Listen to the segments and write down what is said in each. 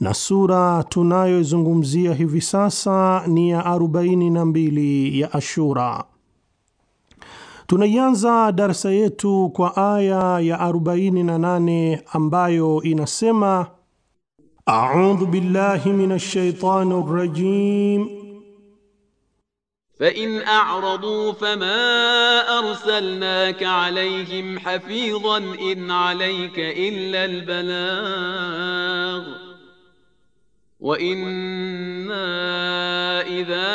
na sura tunayoizungumzia hivi sasa ni ya 42 ya Ashura. Tunaianza darsa yetu kwa aya ya 48 ambayo inasema: audhu billahi minash shaitani rajim fain a'radu fama arsalnaka alayhim hafidhan in alayka illa albalagh وانا اذا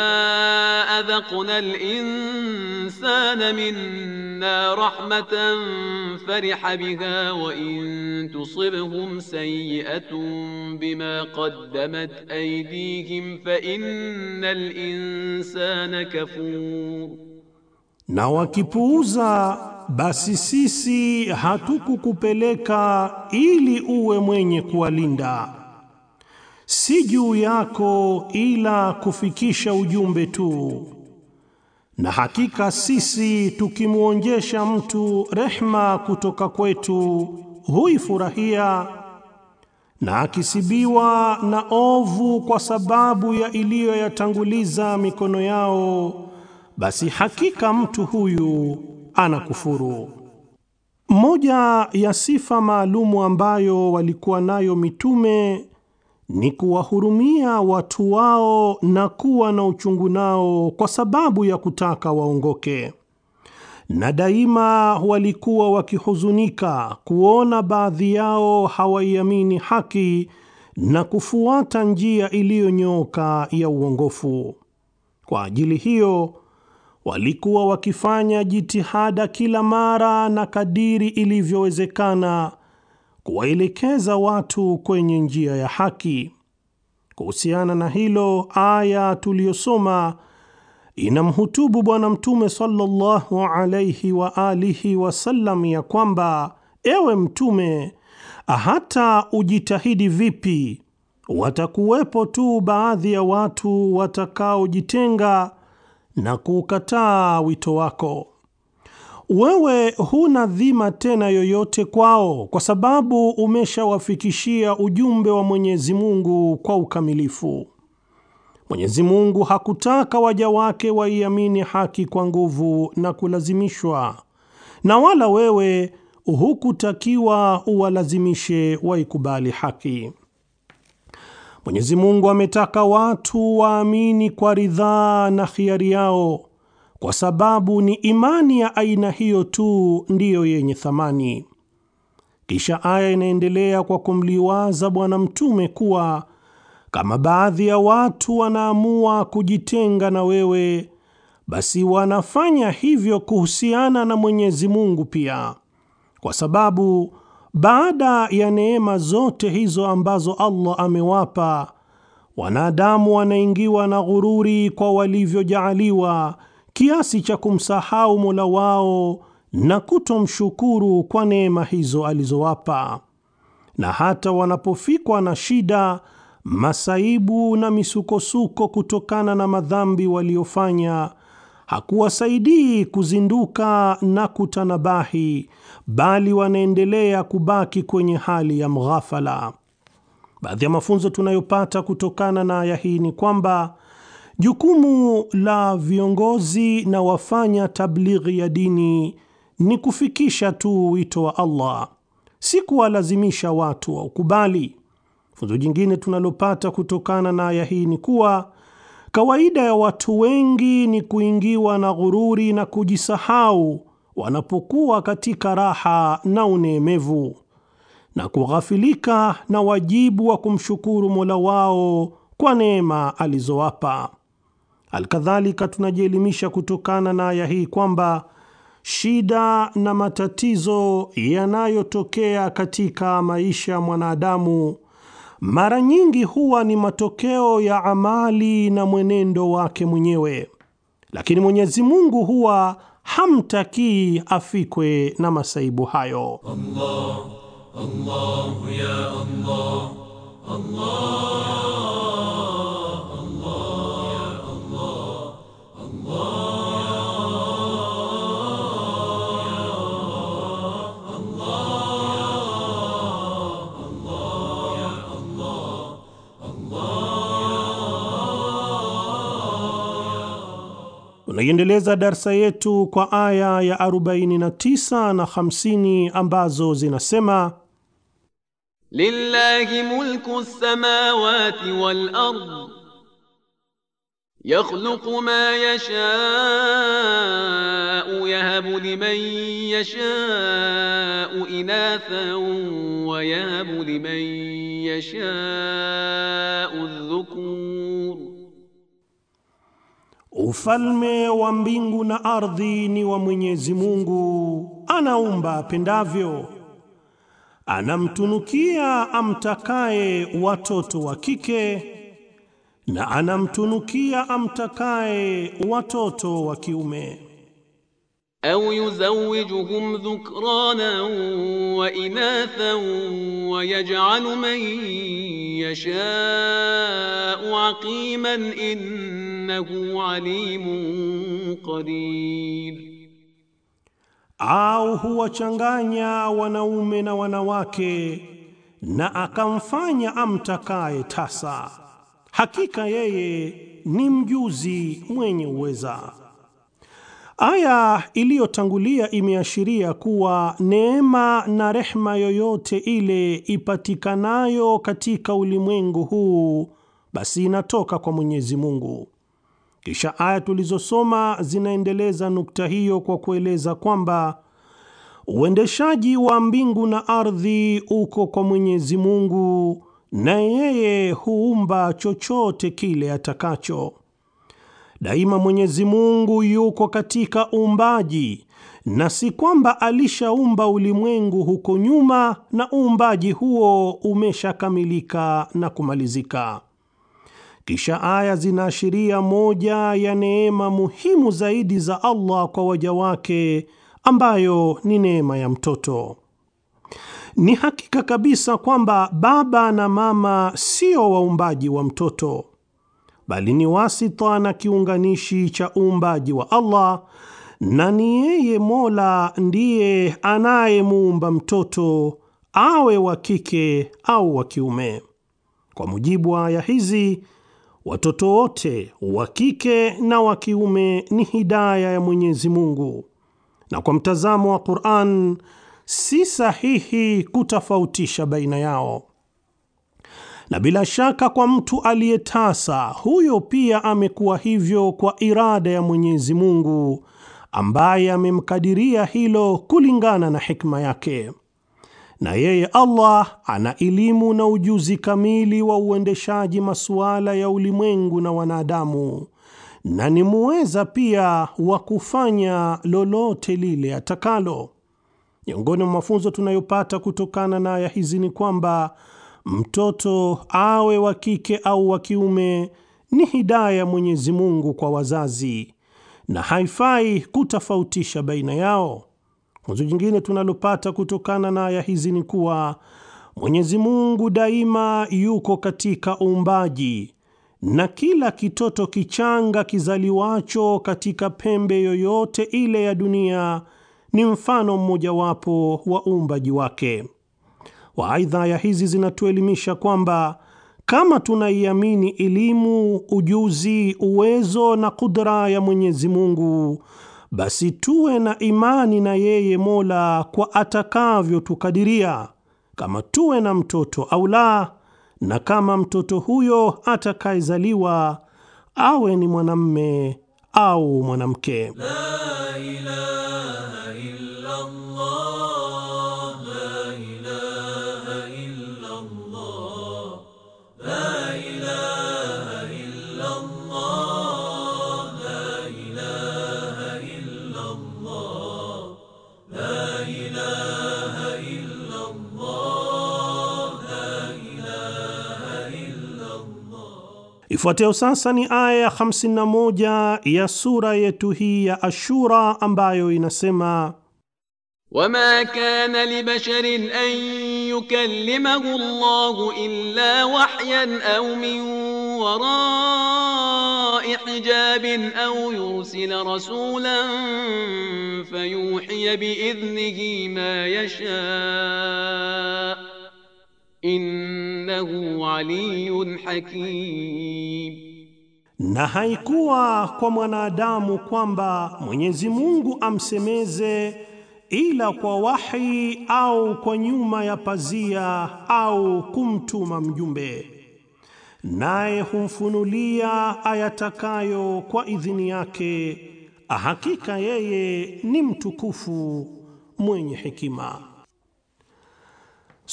اذقنا الانسان منا رحمه فرح بها وان تصبهم سيئه بما قدمت ايديهم فان الانسان كفور na wakipuuza basi sisi hatukukupeleka ili uwe mwenye kuwalinda si juu yako ila kufikisha ujumbe tu, na hakika sisi tukimwonjesha mtu rehma kutoka kwetu huifurahia, na akisibiwa na ovu kwa sababu ya iliyoyatanguliza mikono yao, basi hakika mtu huyu anakufuru. Moja ya sifa maalumu ambayo walikuwa nayo mitume ni kuwahurumia watu wao na kuwa na uchungu nao kwa sababu ya kutaka waongoke, na daima walikuwa wakihuzunika kuona baadhi yao hawaiamini haki na kufuata njia iliyonyooka ya uongofu. Kwa ajili hiyo walikuwa wakifanya jitihada kila mara na kadiri ilivyowezekana kuwaelekeza watu kwenye njia ya haki. Kuhusiana na hilo, aya tuliyosoma inamhutubu Bwana Mtume sallallahu alaihi wa alihi wasallam ya kwamba, ewe Mtume, hata ujitahidi vipi, watakuwepo tu baadhi ya watu watakaojitenga na kuukataa wito wako wewe huna dhima tena yoyote kwao, kwa sababu umeshawafikishia ujumbe wa Mwenyezi Mungu kwa ukamilifu. Mwenyezi Mungu hakutaka waja wake waiamini haki kwa nguvu na kulazimishwa, na wala wewe hukutakiwa uwalazimishe waikubali haki. Mwenyezi Mungu ametaka watu waamini kwa ridhaa na khiari yao kwa sababu ni imani ya aina hiyo tu ndiyo yenye thamani. Kisha aya inaendelea kwa kumliwaza Bwana Mtume kuwa kama baadhi ya watu wanaamua kujitenga na wewe, basi wanafanya hivyo kuhusiana na Mwenyezi Mungu pia, kwa sababu baada ya neema zote hizo ambazo Allah amewapa wanadamu, wanaingiwa na ghururi kwa walivyojaaliwa kiasi cha kumsahau Mola wao na kutomshukuru kwa neema hizo alizowapa. Na hata wanapofikwa na shida, masaibu na misukosuko kutokana na madhambi waliofanya, hakuwasaidii kuzinduka na kutanabahi, bali wanaendelea kubaki kwenye hali ya mghafala. Baadhi ya mafunzo tunayopata kutokana na aya hii ni kwamba Jukumu la viongozi na wafanya tablighi ya dini ni kufikisha tu wito wa Allah, si kuwalazimisha watu waukubali. Funzo jingine tunalopata kutokana na aya hii ni kuwa kawaida ya watu wengi ni kuingiwa na ghururi na kujisahau wanapokuwa katika raha na uneemevu na kughafilika na wajibu wa kumshukuru Mola wao kwa neema alizowapa. Alkadhalika, tunajielimisha kutokana na aya hii kwamba shida na matatizo yanayotokea katika maisha ya mwanadamu mara nyingi huwa ni matokeo ya amali na mwenendo wake mwenyewe, lakini Mwenyezi Mungu huwa hamtakii afikwe na masaibu hayo. Allah, Allah, ya Allah, Allah. Tunaiendeleza darsa yetu kwa aya ya 49 na 50 ambazo zinasema: Lillahi mulku samawati wal ard yakhluqu ma yasha'u yahabu liman yasha'u inathan wa yahabu liman yasha'u dhukura Ufalme wa mbingu na ardhi ni wa Mwenyezi Mungu, anaumba apendavyo. Anamtunukia amtakaye watoto wa kike na anamtunukia amtakaye watoto wa kiume. Au yuzawijuhum dhukrana wa inatha wa yaj'alu man yasha'u aqiman innahu alimun qadir, au huwachanganya wanaume na wanawake na akamfanya amtakaye tasa, hakika yeye ni mjuzi mwenye uweza. Aya iliyotangulia imeashiria kuwa neema na rehma yoyote ile ipatikanayo katika ulimwengu huu basi inatoka kwa Mwenyezi Mungu. Kisha aya tulizosoma zinaendeleza nukta hiyo kwa kueleza kwamba uendeshaji wa mbingu na ardhi uko kwa Mwenyezi Mungu, na yeye huumba chochote kile atakacho. Daima Mwenyezi Mungu yuko katika uumbaji, na si kwamba alishaumba ulimwengu huko nyuma na uumbaji huo umeshakamilika na kumalizika. Kisha aya zinaashiria moja ya neema muhimu zaidi za Allah kwa waja wake ambayo ni neema ya mtoto. Ni hakika kabisa kwamba baba na mama sio waumbaji wa mtoto, bali ni wasita na kiunganishi cha uumbaji wa Allah, na ni yeye Mola ndiye anayemuumba mtoto awe wa kike au wa kiume. Kwa mujibu wa aya hizi Watoto wote wa kike na wa kiume ni hidaya ya Mwenyezi Mungu, na kwa mtazamo wa Qur'an si sahihi kutofautisha baina yao. Na bila shaka kwa mtu aliyetasa, huyo pia amekuwa hivyo kwa irada ya Mwenyezi Mungu ambaye amemkadiria hilo kulingana na hikma yake na yeye Allah ana elimu na ujuzi kamili wa uendeshaji masuala ya ulimwengu na wanadamu, na ni muweza pia wa kufanya lolote lile atakalo. Miongoni mwa mafunzo tunayopata kutokana na aya hizi ni kwamba mtoto awe wa kike au wa kiume ni hidaya Mwenyezi Mungu kwa wazazi, na haifai kutofautisha baina yao. Funzo jingine tunalopata kutokana na aya hizi ni kuwa Mwenyezi Mungu daima yuko katika uumbaji na kila kitoto kichanga kizaliwacho katika pembe yoyote ile ya dunia ni mfano mmojawapo wa uumbaji wake. Waaidha, aya hizi zinatuelimisha kwamba kama tunaiamini elimu, ujuzi, uwezo na kudra ya Mwenyezi Mungu, basi tuwe na imani na yeye Mola kwa atakavyotukadiria, kama tuwe na mtoto au la, na kama mtoto huyo atakayezaliwa awe ni mwanamme au mwanamke La ilaha Ifuatayo sasa ni aya ya 51 ya sura yetu hii ya Ashura ambayo inasema wama kana li libasharin an yukallimahu Allahu illa wahyan au min warai hijabin au yursila rasulan fayuhiya biidhnihi ma yasha innahu aliyun hakim. Na haikuwa kwa mwanadamu kwamba Mwenyezi Mungu amsemeze ila kwa wahi au kwa nyuma ya pazia au kumtuma mjumbe, naye humfunulia ayatakayo kwa idhini yake. Hakika yeye ni mtukufu mwenye hekima.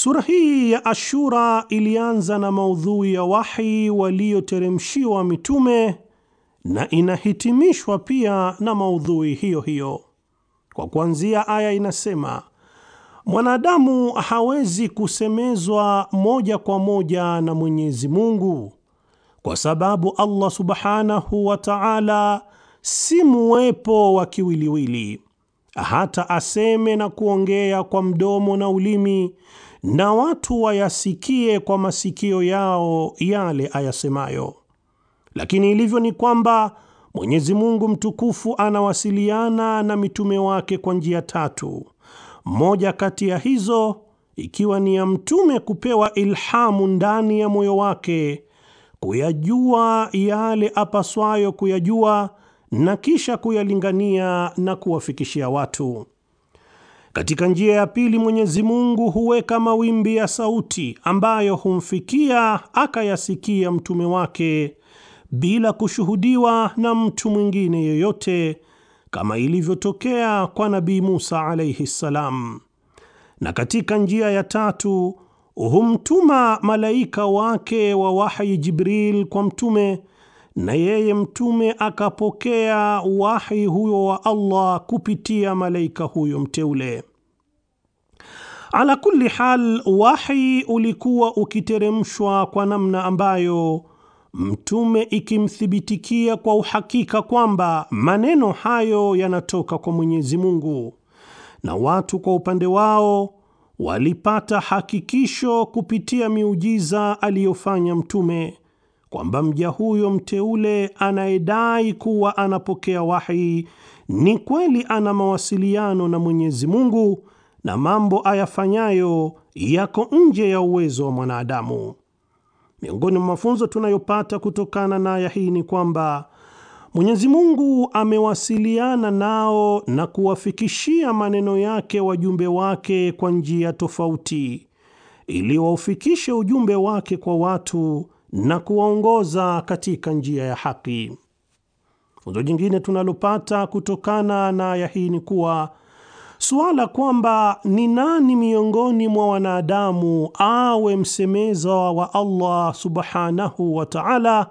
Sura hii ya Ashura ilianza na maudhui ya wahi walioteremshiwa mitume na inahitimishwa pia na maudhui hiyo hiyo. Kwa kuanzia, aya inasema mwanadamu hawezi kusemezwa moja kwa moja na Mwenyezi Mungu kwa sababu Allah Subhanahu wa Ta'ala si muwepo wa kiwiliwili, hata aseme na kuongea kwa mdomo na ulimi na watu wayasikie kwa masikio yao yale ayasemayo. Lakini ilivyo ni kwamba Mwenyezi Mungu mtukufu anawasiliana na mitume wake kwa njia tatu, moja kati ya hizo ikiwa ni ya mtume kupewa ilhamu ndani ya moyo wake kuyajua yale apaswayo kuyajua na kisha kuyalingania na kuwafikishia watu. Katika njia ya pili Mwenyezi Mungu huweka mawimbi ya sauti ambayo humfikia akayasikia mtume wake bila kushuhudiwa na mtu mwingine yoyote, kama ilivyotokea kwa Nabii Musa alaihi ssalam. Na katika njia ya tatu humtuma malaika wake wa wahyi Jibril kwa mtume na yeye mtume akapokea wahi huyo wa Allah kupitia malaika huyo mteule. Ala kulli hal, wahi ulikuwa ukiteremshwa kwa namna ambayo mtume ikimthibitikia kwa uhakika kwamba maneno hayo yanatoka kwa Mwenyezi Mungu, na watu kwa upande wao walipata hakikisho kupitia miujiza aliyofanya mtume kwamba mja huyo mteule anayedai kuwa anapokea wahi ni kweli ana mawasiliano na Mwenyezi Mungu na mambo ayafanyayo yako nje ya uwezo wa mwanadamu. Miongoni mwa mafunzo tunayopata kutokana na aya hii ni kwamba Mwenyezi Mungu amewasiliana nao na kuwafikishia maneno yake wajumbe wake kwa njia tofauti ili waufikishe ujumbe wake kwa watu na kuwaongoza katika njia ya haki. Funzo jingine tunalopata kutokana na aya hii ni kuwa suala kwamba ni nani miongoni mwa wanadamu awe msemeza wa Allah subhanahu wa ta'ala,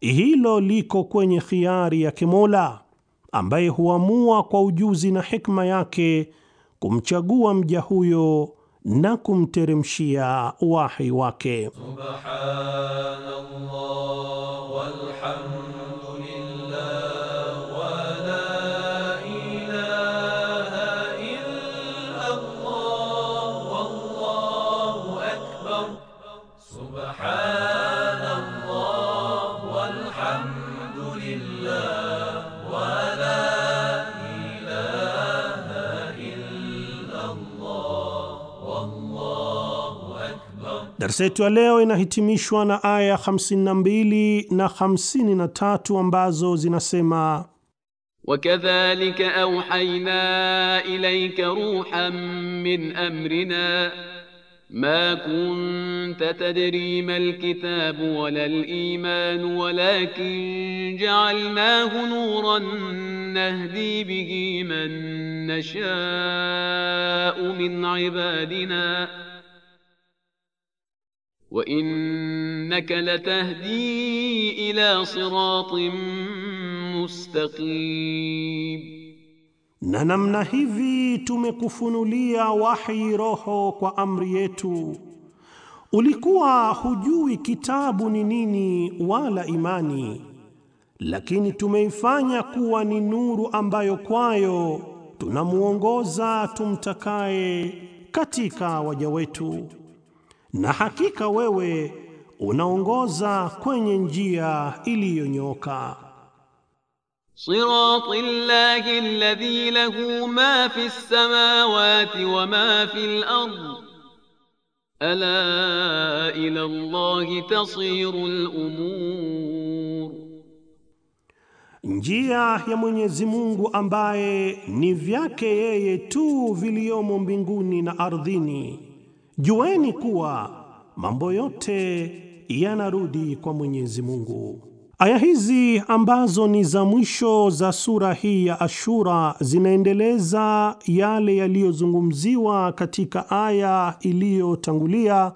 hilo liko kwenye khiari ya Kimola ambaye huamua kwa ujuzi na hikma yake kumchagua mja huyo na kumteremshia wahi wake. Subhanallah walhamdulillah Darsa yetu ya leo inahitimishwa na aya 52 na 53 ambazo zinasema وكذلك أوحينا إليك روحا من أمرنا ما كنت تدري ما الكتاب ولا الإيمان ولكن جعلناه نورا نهدي به من نشاء من عبادنا ۖ wa innaka latahdi ila siratin mustaqim, na namna hivi tumekufunulia wahi roho kwa amri yetu. Ulikuwa hujui kitabu ni nini wala imani, lakini tumeifanya kuwa ni nuru ambayo kwayo tunamuongoza tumtakaye katika waja wetu na hakika wewe unaongoza kwenye njia iliyonyooka. Sirati llahi alladhi lahu ma fi samawati wa ma fi ard ala ila Allahi tasiru al njia ya Mwenyezi Mungu ambaye ni vyake yeye tu viliomo mbinguni na ardhini Jueni kuwa mambo yote yanarudi kwa Mwenyezi Mungu. Aya hizi ambazo ni za mwisho za sura hii ya Ashura zinaendeleza yale yaliyozungumziwa katika aya iliyotangulia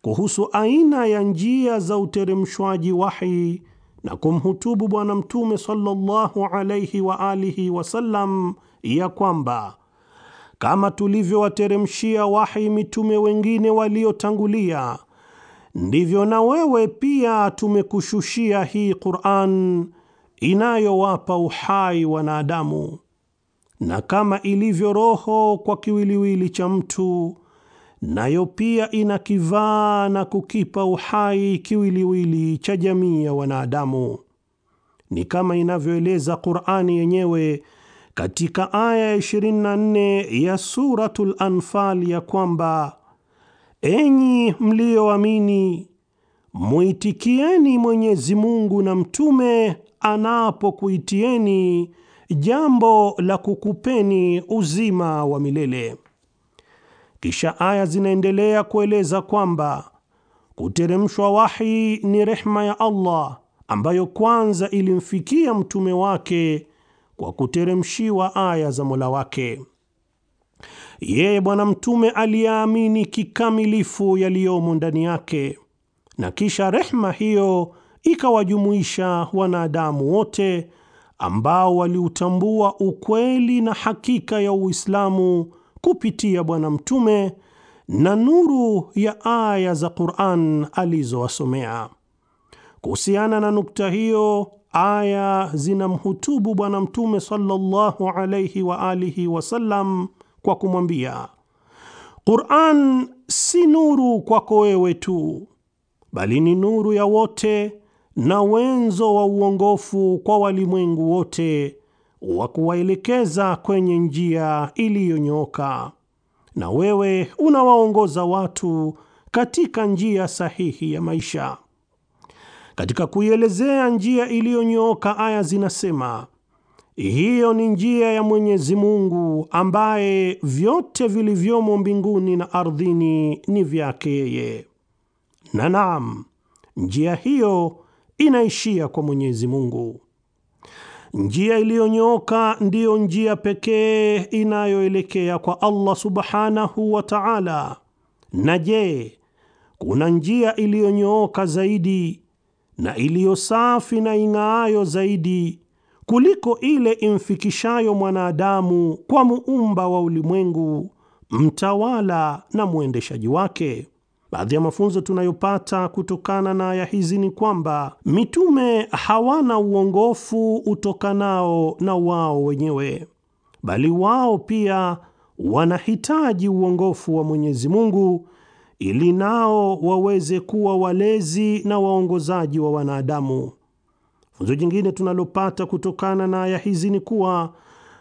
kuhusu aina ya njia za uteremshwaji wahi na kumhutubu Bwana Mtume sallallahu alayhi wa alihi wasallam ya kwamba kama tulivyowateremshia wahi mitume wengine waliotangulia, ndivyo na wewe pia tumekushushia hii Qur'an inayowapa uhai wanadamu, na kama ilivyo roho kwa kiwiliwili cha mtu, nayo pia inakivaa na kukipa uhai kiwiliwili cha jamii ya wanadamu. Ni kama inavyoeleza Qur'ani yenyewe katika aya ya 24 ya Suratul Anfal ya kwamba enyi mliyoamini muitikieni Mwenyezi Mungu na mtume anapokuitieni jambo la kukupeni uzima wa milele. Kisha aya zinaendelea kueleza kwamba kuteremshwa wahi ni rehma ya Allah ambayo kwanza ilimfikia mtume wake kwa kuteremshiwa aya za Mola wake. Yeye Bwana Mtume aliyaamini kikamilifu yaliyomo ndani yake, na kisha rehma hiyo ikawajumuisha wanadamu wote ambao waliutambua ukweli na hakika ya Uislamu kupitia Bwana Mtume na nuru ya aya za Qur'an alizowasomea. Kuhusiana na nukta hiyo aya zinamhutubu Bwana Mtume sallallahu alayhi wa alihi wasallam kwa kumwambia, Qur'an si nuru kwako wewe tu, bali ni nuru ya wote na wenzo wa uongofu kwa walimwengu wote wa kuwaelekeza kwenye njia iliyonyooka, na wewe unawaongoza watu katika njia sahihi ya maisha. Katika kuielezea njia iliyonyooka, aya zinasema hiyo ni njia ya Mwenyezi Mungu ambaye vyote vilivyomo mbinguni na ardhini ni vyake yeye, na naam, njia hiyo inaishia kwa Mwenyezi Mungu. Njia iliyonyooka ndiyo njia pekee inayoelekea kwa Allah subhanahu wa ta'ala. Na je, kuna njia iliyonyooka zaidi na iliyo safi na ing'aayo zaidi kuliko ile imfikishayo mwanadamu kwa muumba wa ulimwengu, mtawala na mwendeshaji wake. Baadhi ya mafunzo tunayopata kutokana na aya hizi ni kwamba mitume hawana uongofu utokanao na wao wenyewe, bali wao pia wanahitaji uongofu wa Mwenyezi Mungu ili nao waweze kuwa walezi na waongozaji wa wanadamu. Funzo jingine tunalopata kutokana na aya hizi ni kuwa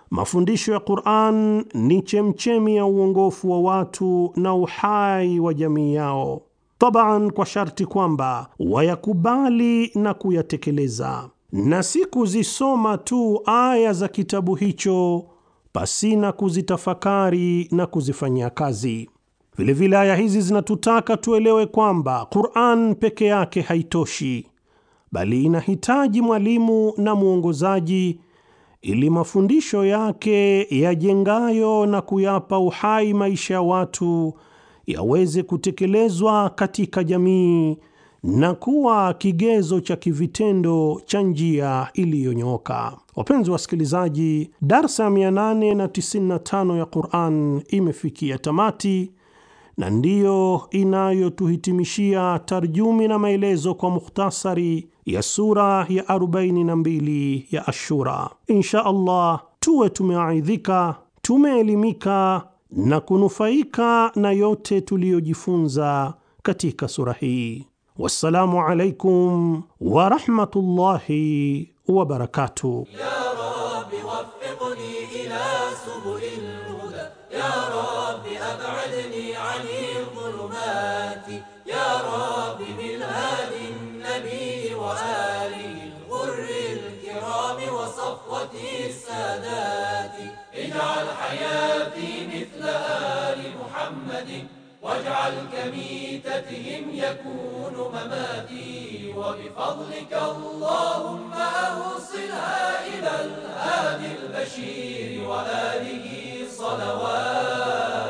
mafundisho ya Qur'an ni chemchemi ya uongofu wa watu na uhai wa jamii yao, taban kwa sharti kwamba wayakubali na kuyatekeleza, na si kuzisoma tu aya za kitabu hicho pasina kuzitafakari na kuzifanyia kazi. Vilevile aya hizi zinatutaka tuelewe kwamba Qur'an peke yake haitoshi, bali inahitaji mwalimu na mwongozaji ili mafundisho yake yajengayo na kuyapa uhai maisha ya watu yaweze kutekelezwa katika jamii na kuwa kigezo cha kivitendo cha njia iliyonyooka. Wapenzi wasikilizaji, darsa ya 895 ya Qur'an imefikia tamati na ndiyo inayotuhitimishia tarjumi na maelezo kwa mukhtasari ya sura ya 42 ya Ashura. Insha Allah tuwe tumeaidhika, tumeelimika na kunufaika na yote tuliyojifunza katika sura hii. Wassalamu alaikum warahmatullahi wabarakatuh. ya Rabbi حياتي مثل آل محمد واجعل كميتتهم يكون مماتي وبفضلك اللهم أوصلها إلى الهادي البشير وآله صلوات